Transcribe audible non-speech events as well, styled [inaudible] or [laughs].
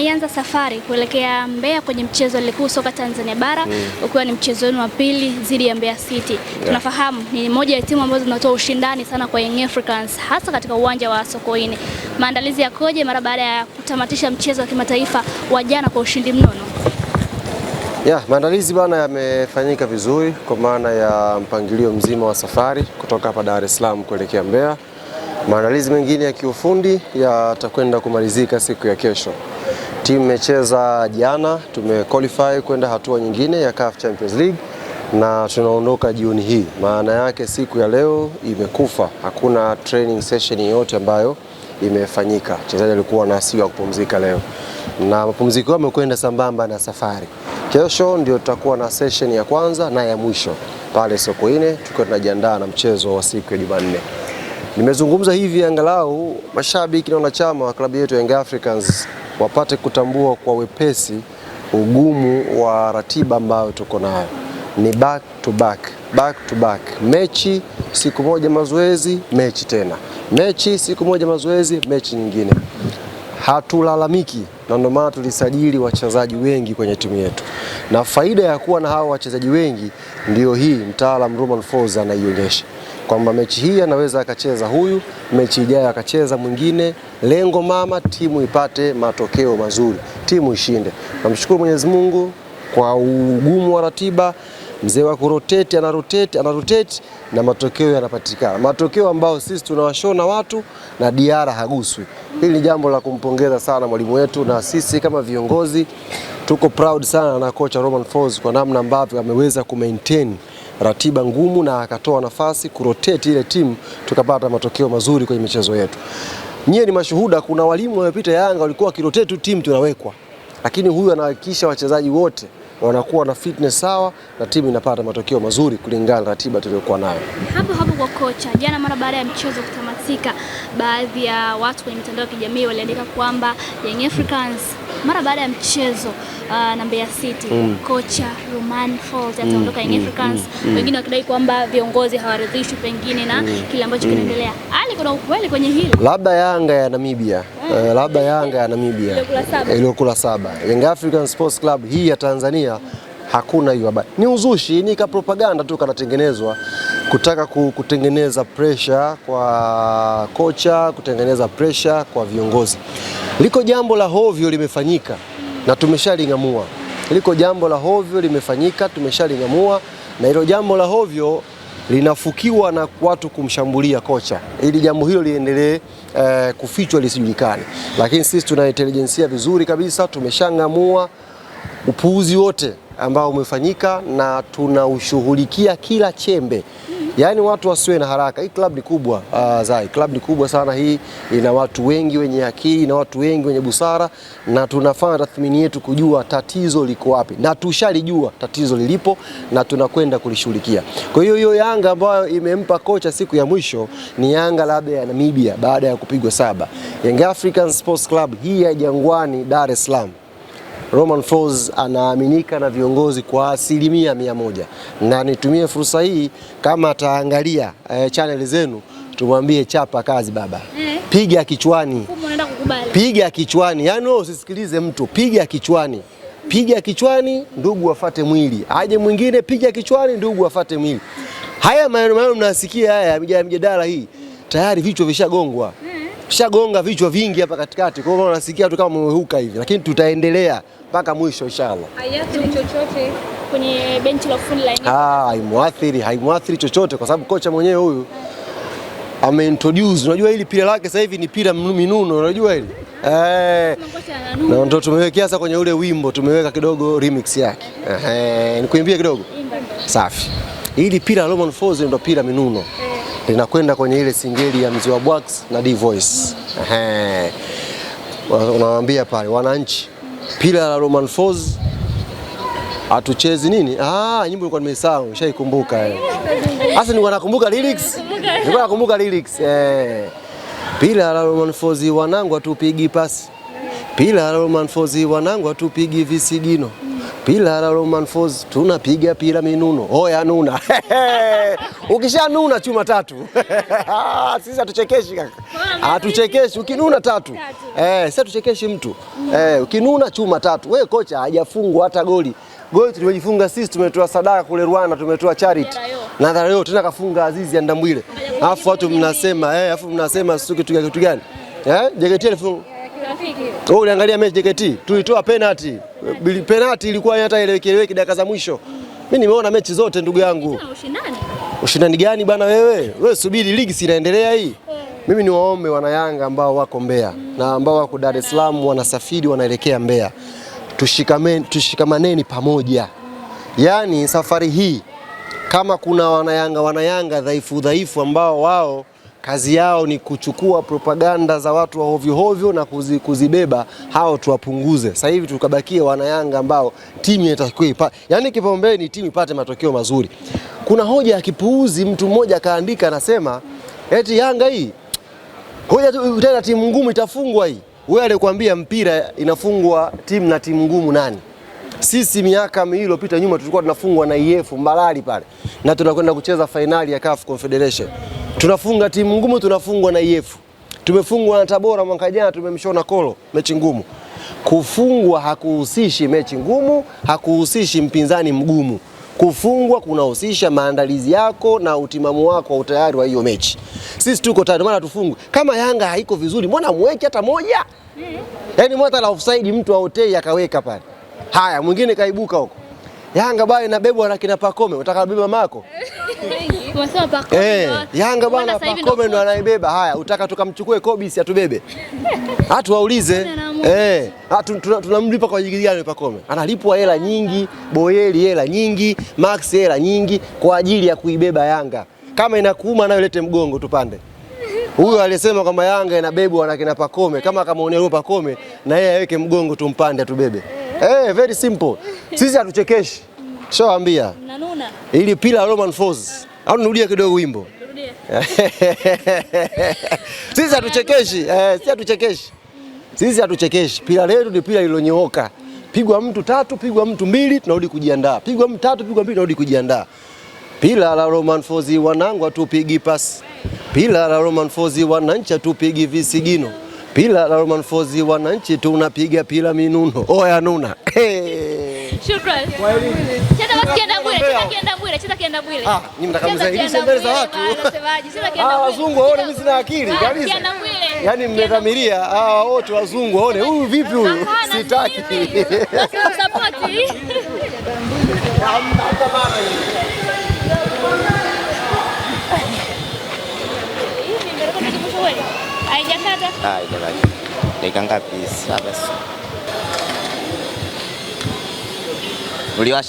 Tunaianza safari kuelekea Mbeya kwenye mchezo wa ligi kuu soka Tanzania bara mm. ukiwa ni mchezo wenu wa pili dhidi ya Mbeya City yeah. Tunafahamu ni moja ya timu ambazo zinatoa ushindani sana kwa Young Africans hasa katika uwanja wa Sokoine. Maandalizi yakoje mara baada ya kutamatisha mchezo wa kimataifa wa jana kwa ushindi mnono? Yeah, maandalizi bana yamefanyika vizuri kwa maana ya mpangilio mzima wa safari kutoka hapa Dar es Salaam kuelekea Mbeya. Maandalizi mengine ya kiufundi yatakwenda kumalizika siku ya kesho. Timu imecheza jana, tumequalify kwenda hatua nyingine ya CAF Champions League na tunaondoka jioni hii. Maana yake siku ya leo imekufa, hakuna training session yoyote ambayo imefanyika. Wachezaji walikuwa na siku ya kupumzika leo, na mapumziko yao yamekwenda sambamba na safari. Kesho ndio tutakuwa na session ya kwanza na ya mwisho pale Sokoine, tukiwa tunajiandaa na mchezo wa siku ya Jumanne. Nimezungumza hivi angalau mashabiki na wanachama wa klabu yetu Young Africans wapate kutambua kwa wepesi ugumu wa ratiba ambayo tuko nayo ni back to back, back to back, mechi siku moja mazoezi, mechi tena, mechi siku moja mazoezi, mechi nyingine. Hatulalamiki, na ndio maana tulisajili wachezaji wengi kwenye timu yetu, na faida ya kuwa na hawa wachezaji wengi ndiyo hii mtaalam Roman Folz anaionyesha kwamba mechi hii anaweza akacheza huyu, mechi ijayo akacheza mwingine. Lengo mama, timu ipate matokeo mazuri, timu ishinde. Namshukuru Mwenyezi Mungu kwa ugumu wa ratiba mzee wa kuroteti anaroteti anaroteti na matokeo yanapatikana, matokeo ambayo sisi tunawashona watu na Diara haguswi. Hili ni jambo la kumpongeza sana mwalimu wetu, na sisi kama viongozi tuko proud sana na kocha Roman Falls kwa namna ambavyo ameweza kumaintain ratiba ngumu na akatoa nafasi kurotate ile timu tukapata matokeo mazuri kwenye michezo yetu. Nyie ni mashuhuda, kuna walimu wamepita Yanga walikuwa wakirotate tu timu tunawekwa, lakini huyu anahakikisha wachezaji wote wanakuwa na fitness sawa na timu inapata matokeo mazuri kulingana na ratiba tuliyokuwa nayo. Hapo hapo kwa kocha, jana mara baada ya mchezo kutamatika, baadhi ya watu kwenye mitandao ya kijamii waliandika kwamba Young Africans mara baada ya mchezo uh, na Mbeya City mm. kocha Romain Folz mm. ataondoka mm. Young Africans mm. mm. wengine wakidai kwamba viongozi hawaridhishwi pengine na mm. kile ambacho mm. kinaendelea. Ali, kuna ukweli kwenye hilo? Labda Yanga ya Namibia mm. uh, labda Yanga ya Namibia eh, iliyokula saba, Young African Sports Club hii ya Tanzania hakuna hiyo habari, ni uzushi, ni ka propaganda tu kanatengenezwa kutaka kutengeneza pressure kwa kocha, kutengeneza pressure kwa viongozi. Liko jambo la hovyo limefanyika na tumeshaling'amua. Liko jambo la hovyo limefanyika, tumeshaling'amua, na hilo jambo la hovyo linafukiwa na watu kumshambulia kocha, ili jambo hilo liendelee eh, kufichwa lisijulikane. Lakini sisi tuna intelijensia vizuri kabisa, tumeshang'amua upuuzi wote ambao umefanyika na tunaushughulikia kila chembe. Yaani watu wasiwe na haraka. Hii klabu ni kubwa uh, Zai. Klabu ni kubwa sana hii, ina watu wengi wenye akili na watu wengi wenye busara, na tunafanya tathmini yetu kujua tatizo liko wapi, na tushalijua tatizo lilipo na tunakwenda kulishughulikia. Kwa hiyo hiyo Yanga ambayo imempa kocha siku ya mwisho ni Yanga labda ya Namibia baada ya kupigwa saba. Young African Sports Club hii ya Jangwani, Dar es Salaam Romain Folz anaaminika na viongozi kwa asilimia mia moja, na nitumie fursa hii kama ataangalia eh, chaneli zenu tumwambie chapa kazi baba eh. Piga kichwani, piga kichwani, yaani wewe usisikilize mtu, piga kichwani piga kichwani, ndugu afate mwili. Aje mwingine, piga kichwani, ndugu afate mwili. Haya maneno maneno mnasikia haya ya mjadala hii, tayari vichwa vishagongwa shagonga vichwa vingi hapa katikati, kwa hiyo unasikia tu kama mmehuka hivi, lakini tutaendelea mpaka mwisho inshallah. Haiathiri chochote kwenye benchi la full line. Ah, haimwathiri, haimwathiri chochote kwa sababu kocha mwenyewe huyu ameintroduce. Unajua hili pira lake sasa hivi ni pira minuno, unajua hili eh, na ndio tumewekea sasa kwenye ule wimbo tumeweka kidogo remix yake eh, eh nikuimbie kidogo. Safi, hili pira Roman Force ndio pira minuno. Eh linakwenda kwenye ile singeli ya Mziwa Bwax na D Voice. Ehe, unawaambia pale wananchi, pila la Roman Falls hatuchezi nini? Ah, nyimbo nilikuwa nimesahau, nishaikumbuka sasa. Eh. Nilikuwa nakumbuka lyrics, nilikuwa nakumbuka lyrics eh, pila la Roman Falls wanangu, atupigi pasi, pila la Roman Falls wanangu, atupigi visigino Pila la Roman Falls tunapiga pila minuno. Oya nuna. [laughs] Ukisha nuna chuma tatu. [laughs] Sisi hatuchekeshi kaka. Hatuchekeshi ukinuna tatu. Eh, sisi hatuchekeshi mtu. Eh, ukinuna chuma tatu. Wewe kocha hajafungwa hata goli. Goli tuliyojifunga sisi tumetoa sadaka kule Rwanda, tumetoa charity. Na leo tena kafunga Azizi ya Ndambwile. afu watu mnasema eh, mnasema sisi kitu gani? Eh, JKT alifunga wewe uliangalia mechi JKT, tulitoa penalty. Penalty ilikuwa hata eleweki dakika za mwisho. Mimi nimeona mechi zote ndugu yangu. Ushindani gani bana wewe? Wewe subiri ligi si inaendelea hii. Eh. Mimi ni waombe wana Yanga ambao wako Mbeya na ambao wako Dar es Salaam wanasafiri wanaelekea Mbeya. Tushikamaneni, tushikamaneni pamoja. Yaani safari hii kama kuna wanayanga wanayanga dhaifu dhaifu ambao wao kazi yao ni kuchukua propaganda za watu wa hovyo hovyo na kuzi, kuzibeba hao tuwapunguze. Sasa hivi wana wanayanga ambao timu inatakiwa ipa, yani kipaumbele ni timu ipate matokeo mazuri. Kuna hoja ya kipuuzi, mtu mmoja akaandika anasema eti Yanga hii hoja tu tena, timu ngumu itafungwa hii. Wewe alikwambia mpira inafungwa timu na timu ngumu nani? Sisi miaka miwili iliyopita nyuma tulikuwa tunafungwa na IF Mbalali pale na tunakwenda kucheza fainali ya CAF Confederation Tunafunga timu ngumu, tunafungwa na IF. Tumefungwa na Tabora mwaka jana, tumemshona kolo, mechi ngumu. Kufungwa hakuhusishi mechi ngumu, hakuhusishi mpinzani mgumu. Kufungwa kunahusisha maandalizi yako na utimamu wako wa utayari wa hiyo mechi. Sisi tuko tayari, maana tufungwe. Kama Yanga haiko vizuri, mbona mweke hata moja? Yaani mwata la offside mtu aotei akaweka pale. Haya, mwingine kaibuka huko. Yanga bwana inabebwa na kina Pakome, utakabeba mako. [laughs] Eh, Yanga bwana Pacome ndo anaibeba. Haya, utaka tukamchukue Kobe si atubebe? [laughs] Hatu waulize. Eh, tunamlipa kwa ajili gani Pacome? Analipwa hela nyingi, Boyeli hela nyingi, Max hela nyingi kwa ajili ya kuibeba Yanga. Kama inakuuma nayo lete mgongo tupande. Huyo alisema kwamba Yanga inabebwa na kina Pacome, kama akamuonea huyo Pacome na yeye aweke mgongo tumpande atubebe. Eh, very simple. Sisi hatuchekeshi. Nanuna. Ili pila Roman Force au nirudie kidogo wimbo? Nirudie. [laughs] Sisi hatuchekeshi, eh, sisi hatuchekeshi. Sisi hatuchekeshi. Pira letu ni pira lilonyooka. Pigwa mtu tatu, pigwa mtu mbili, tunarudi kujiandaa. Pigwa mtu tatu, pigwa mbili, tunarudi kujiandaa. Pila la Roman Fozi wanangu atupigi pasi. Pila la Roman Fozi wananchi atupigi visigino. Pila la Roman Fozi wananchi tunapiga pila minuno. Oya nuna. [laughs] Hey. Shukrani. Cheza wazungu waone mimi sina akili kabisa. Kienda Bwile. Yaani mmedhamiria hawa ah, wote wazungu waone huyu vipi huyu? Sitaki. Support. Ah, Haijakata. Dakika ah, ngapi? Saba. 乗りました